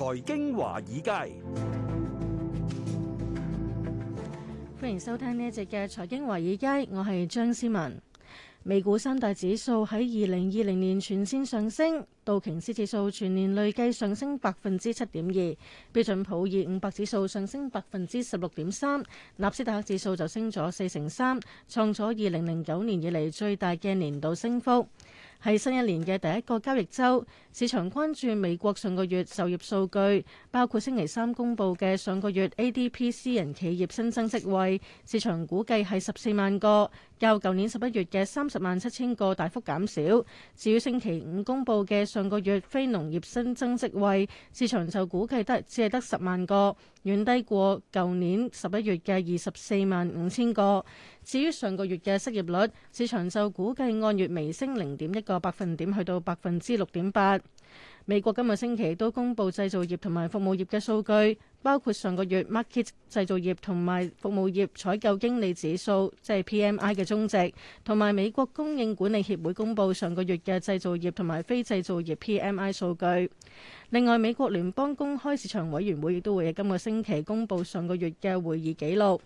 財經華爾街，歡迎收聽呢一集嘅財經華爾街，我係張思文。美股三大指數喺二零二零年全線上升。道瓊斯指數全年累計上升百分之七點二，標準普爾五百指數上升百分之十六點三，納斯達克指數就升咗四成三，創咗二零零九年以嚟最大嘅年度升幅。係新一年嘅第一個交易週，市場關注美國上個月就業數據，包括星期三公布嘅上個月 ADP 私人企業新增職位，市場估計係十四萬個，較舊年十一月嘅三十萬七千個大幅減少。至於星期五公布嘅，上個月非農業新增職位，市場就估計得只係得十萬個，遠低過舊年十一月嘅二十四萬五千個。至於上個月嘅失業率，市場就估計按月微升零點一個百分點，去到百分之六點八。美國今個星期都公布製造業同埋服務業嘅數據。包括上個月 market 製造業同埋服務業採購經理指數，即係 PMI 嘅中值，同埋美國供應管理協會公布上個月嘅製造業同埋非製造業 PMI 數據。另外，美國聯邦公開市場委員會亦都會喺今個星期公布上個月嘅會議紀錄。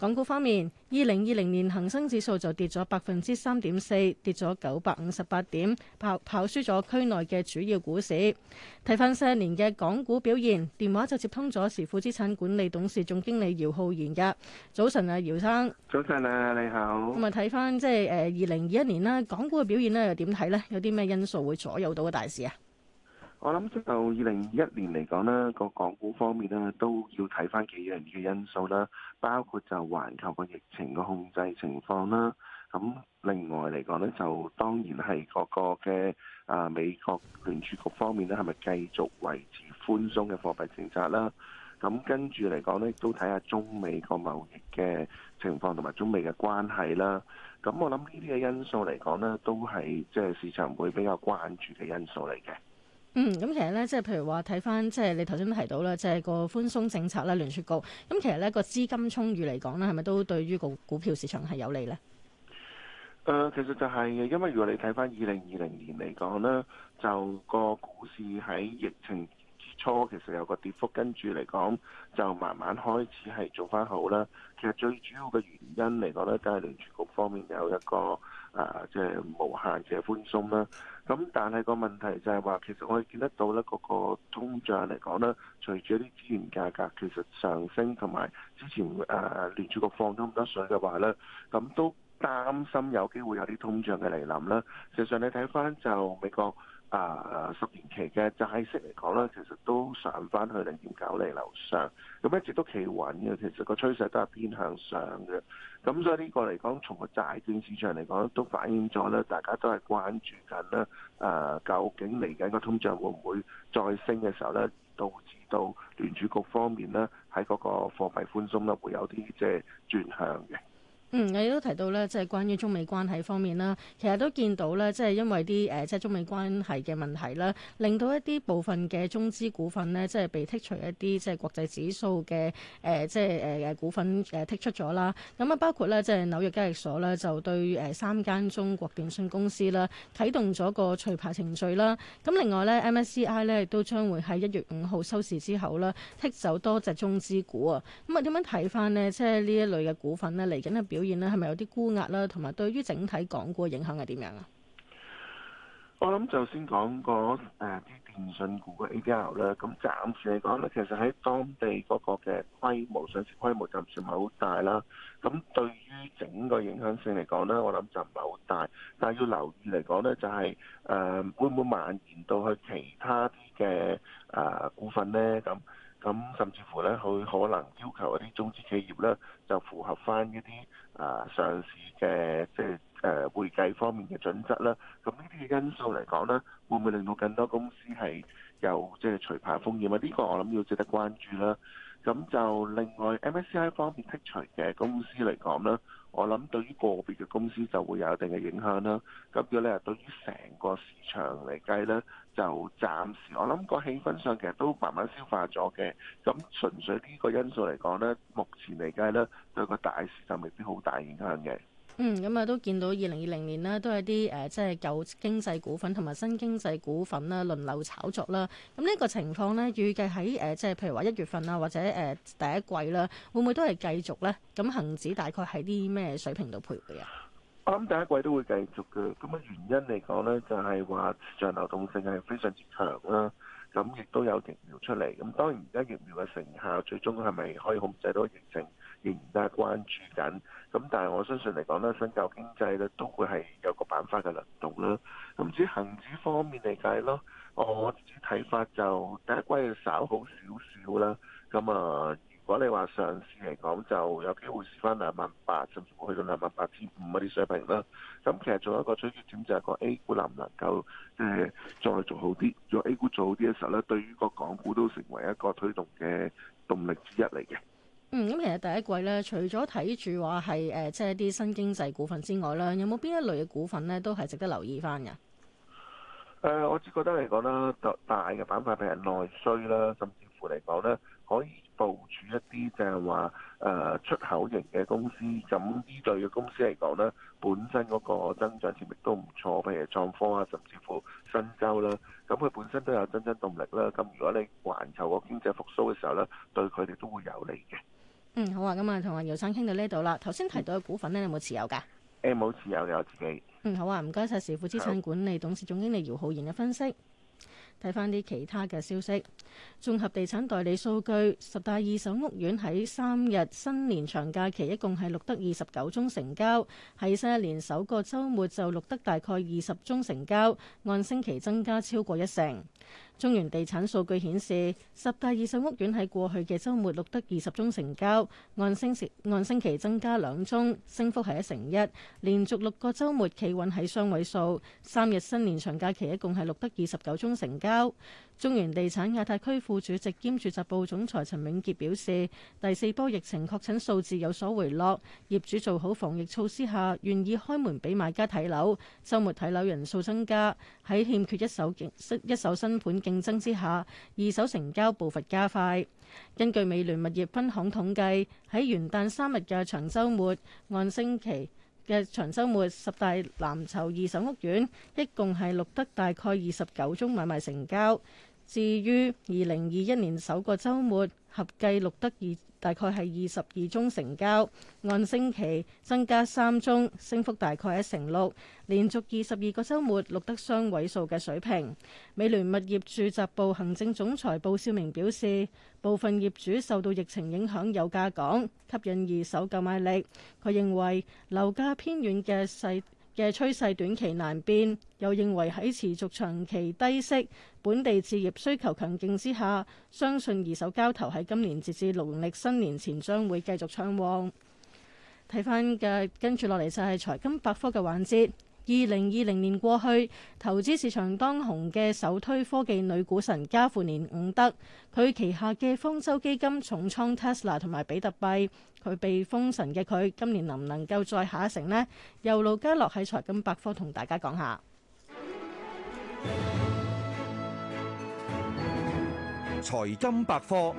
港股方面，二零二零年恒生指數就跌咗百分之三點四，跌咗九百五十八點，跑跑輸咗區內嘅主要股市。睇翻上年嘅港股表現，電話就接通咗時富資產管理董事總經理姚浩然嘅。早晨啊，姚生。早晨啊，你好。咁啊，睇翻即係誒二零二一年啦，港股嘅表現咧又點睇咧？有啲咩因素會左右到嘅大市啊？我諗就二零二一年嚟講呢，個港股方面呢都要睇翻幾樣嘅因素啦，包括就環球個疫情個控制情況啦。咁另外嚟講呢，就當然係各個嘅啊美國聯儲局方面呢，係咪繼續維持寬鬆嘅貨幣政策啦？咁跟住嚟講呢，都睇下中美個貿易嘅情況同埋中美嘅關係啦。咁我諗呢啲嘅因素嚟講呢，都係即係市場會比較關注嘅因素嚟嘅。嗯，咁其實咧，即係譬如話睇翻，即係你頭先都提到啦，即係個寬鬆政策咧亂出局。咁其實咧，個資金充裕嚟講咧，係咪都對於個股票市場係有利咧？誒、呃，其實就係、是、嘅，因為如果你睇翻二零二零年嚟講咧，就個股市喺疫情初其實有個跌幅，跟住嚟講就慢慢開始係做翻好啦。其實最主要嘅原因嚟講呢，都係聯儲局方面有一個誒，即係無限嘅寬鬆啦。咁但係個問題就係話，其實我哋見得到呢，嗰個通脹嚟講呢，隨住一啲資源價格其實上升，同埋之前誒聯儲局放咗咁多水嘅話呢，咁都擔心有機會有啲通脹嘅嚟臨啦。事實上你睇翻就美國。啊、呃，十年期嘅債息嚟講咧，其實都上翻去零點九厘樓上，咁一直都企穩嘅。其實個趨勢都係偏向上嘅。咁所以呢個嚟講，從個債券市場嚟講，都反映咗咧，大家都係關注緊咧。誒、呃，究竟嚟緊個通脹會唔會再升嘅時候咧，導致到聯儲局方面咧，喺嗰個貨幣寬鬆咧，會有啲即係轉向嘅。嗯，我亦都提到咧，即係關於中美關係方面啦，其實都見到咧，即係因為啲誒即係中美關係嘅問題啦，令到一啲部分嘅中資股份咧，即係被剔除一啲、呃、即係國際指數嘅誒即係誒誒股份誒剔出咗啦。咁啊，包括咧即係紐約交易所咧，就對誒三間中國電信公司啦，啟動咗個除牌程序啦。咁另外咧 MSCI 咧亦都將會喺一月五號收市之後啦剔走多隻中資股啊。咁啊，點樣睇翻咧？即係呢一類嘅股份咧嚟緊嘅表。表現咧係咪有啲沽壓啦，同埋對於整體港股嘅影響係點樣啊？我諗就先講個誒啲電訊股嘅 ADR 啦。咁暫時嚟講咧，其實喺當地嗰個嘅規模上市規模暫時唔係好大啦。咁對於整個影響性嚟講咧，我諗就唔係好大。但係要留意嚟講咧，就係誒會唔會蔓延到去其他啲嘅誒股份咧？咁。咁甚至乎咧，佢可能要求一啲中資企業咧，就符合翻一啲啊上市嘅即係誒會計方面嘅準則啦。咁呢啲嘅因素嚟講咧，會唔會令到更多公司係有即係除牌風險啊？呢個我諗要值得關注啦。咁就另外 MSCI 方面剔除嘅公司嚟講咧，我諗對於個別嘅公司就會有一定嘅影響啦。咁如果你係對於成個市場嚟計咧。就暫時，我諗個氣氛上其實都慢慢消化咗嘅。咁純粹呢個因素嚟講呢，目前嚟計呢，對個大市就未必好大影響嘅、嗯。嗯，咁啊都見到二零二零年呢，都係啲誒，即係、呃就是、舊經濟股份同埋新經濟股份啦，輪流炒作啦。咁、嗯、呢、這個情況呢，預計喺誒，即、呃、係譬如話一月份啊，或者誒、呃、第一季啦，會唔會都係繼續呢？咁、嗯、恒指大概喺啲咩水平度徘徊啊？我諗第一季都會繼續嘅，咁啊原因嚟講咧，就係話市場流動性係非常之強啦，咁亦都有疫苗出嚟，咁當然而家疫苗嘅成效，最終係咪可以控制到疫情，仍然都係關注緊，咁但係我相信嚟講咧，新舊經濟咧都會係有個板塊嘅輪動啦，咁至於恒指方面嚟計咯，我睇法，就第一季要稍好少少啦，咁啊。如果你話上市嚟講，就有機會試翻兩萬八，甚至乎去到兩萬八千五嗰啲水平啦。咁其實仲有一個取決點就係講 A 股能唔能夠即係、呃、再做好啲，做 A 股做好啲嘅時候咧，對於個港股都成為一個推動嘅動力之一嚟嘅。嗯，咁其實第一季咧，除咗睇住話係誒，即係一啲新經濟股份之外啦，有冇邊一類嘅股份咧，都係值得留意翻嘅？誒、呃，我只覺得嚟講啦，就大嘅板塊譬如內需啦，甚至乎嚟講咧，可以。部署一啲就係話誒出口型嘅公司，咁呢類嘅公司嚟講呢本身嗰個增長潛力都唔錯，譬如創科啊，甚至乎新洲啦，咁佢本身都有增增動力啦。咁如果你環球個經濟復甦嘅時候呢，對佢哋都會有利嘅。嗯，好啊，咁啊，同阿姚生傾到呢度啦。頭先提到嘅股份呢、嗯，有冇持有㗎？誒冇持有嘅，我自己。嗯，好啊，唔該晒，時富資產管理好董事總經理姚浩然嘅分析。睇翻啲其他嘅消息。綜合地產代理數據，十大二手屋苑喺三日新年長假期一共係錄得二十九宗成交，喺新一年首個周末就錄得大概二十宗成交，按星期增加超過一成。中原地產數據顯示，十大二手屋苑喺過去嘅周末錄得二十宗成交，按星按星期增加兩宗，升幅係一成一，連續六個周末企穩喺雙位數。三日新年長假期一共係錄得二十九宗成交。中原地產亞太區副主席兼住宅部總裁陳永傑表示，第四波疫情確診數字有所回落，業主做好防疫措施下，願意開門俾買家睇樓。周末睇樓人數增加，喺欠缺一手競一手新盤競爭之下，二手成交步伐加快。根據美聯物業分行統計，喺元旦三日嘅長周末，按星期。嘅長周末十大藍籌二手屋苑，一共係錄得大概二十九宗買賣成交。至於二零二一年首個周末，合計錄得二。大概係二十二宗成交，按星期增加三宗，升幅大概一成六，連續二十二個週末錄得雙位數嘅水平。美聯物業住宅部行政總裁布少明表示，部分業主受到疫情影響有價降，吸引二手購買力。佢認為樓價偏遠嘅細嘅趨勢短期難變，又認為喺持續長期低息、本地置業需求強勁之下，相信二手交投喺今年截至農曆新年前將會繼續暢旺。睇翻嘅跟住落嚟就係財金百科嘅環節。二零二零年過去，投資市場當紅嘅首推科技女股神嘉富年伍德，佢旗下嘅方舟基金重倉 Tesla 同埋比特幣，佢被封神嘅佢，今年能唔能夠再下一城呢？由盧嘉樂喺財金百科同大家講下。財金百科。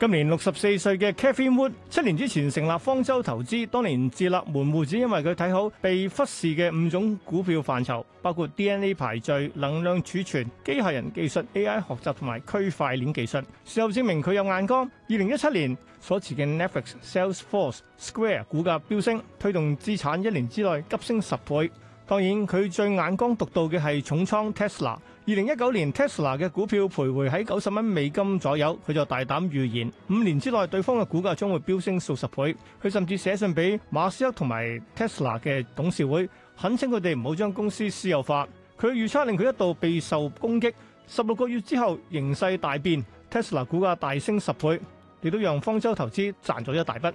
今年六十四歲嘅 Cathy Wood 七年之前成立方舟投資，當年自立門戶，只因為佢睇好被忽視嘅五種股票範疇，包括 DNA 排序、能量儲存、機械人技術、AI 學習同埋區塊鏈技術。事後證明佢有眼光，二零一七年所持嘅 Netflix、Salesforce、Square 股價飆升，推動資產一年之內急升十倍。當然，佢最眼光獨到嘅係重倉 Tesla。二零一九年 Tesla 嘅股票徘徊喺九十蚊美金左右，佢就大膽預言五年之內對方嘅股價將會飆升數十倍。佢甚至寫信俾馬斯克同埋 Tesla 嘅董事會，懇請佢哋唔好將公司私有化。佢嘅預測令佢一度備受攻擊。十六個月之後，形勢大變，Tesla 股價大升十倍，亦都讓方舟投資賺咗一大筆。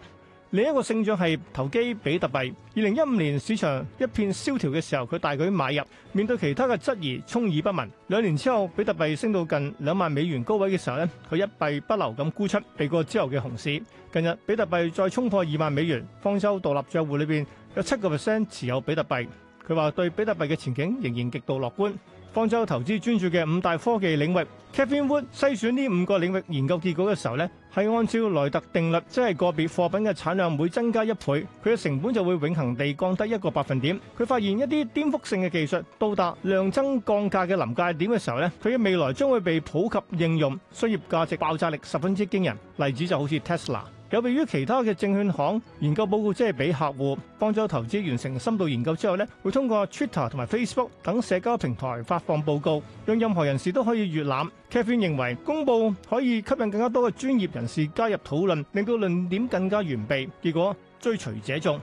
另一個勝仗係投機比特幣。二零一五年市場一片蕭條嘅時候，佢大舉買入。面對其他嘅質疑，充耳不聞。兩年之後，比特幣升到近兩萬美元高位嘅時候呢，佢一幣不留咁沽出，避過之後嘅熊市。近日比特幣再衝破二萬美元，方舟獨立賬戶裏邊有七個 percent 持有比特幣。佢話對比特幣嘅前景仍然極度樂觀。方舟投資專注嘅五大科技領域，Kevin Wood 篩選呢五個領域研究結果嘅時候呢，係按照萊特定律，即係個別貨品嘅產量每增加一倍，佢嘅成本就會永恆地降低一個百分點。佢發現一啲顛覆性嘅技術到達量增降價嘅臨界點嘅時候呢，佢嘅未來將會被普及應用，商業價值爆炸力十分之驚人。例子就好似 Tesla。有別於其他嘅證券行研究報告即，即係俾客戶幫助投資完成深度研究之後咧，會通過 Twitter 同埋 Facebook 等社交平台發放報告，讓任何人士都可以閲覽。Kevin 認為公佈可以吸引更加多嘅專業人士加入討論，令到論點更加完備。結果追隨者眾。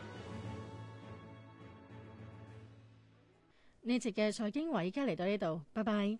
呢節嘅財經華，而家嚟到呢度，拜拜。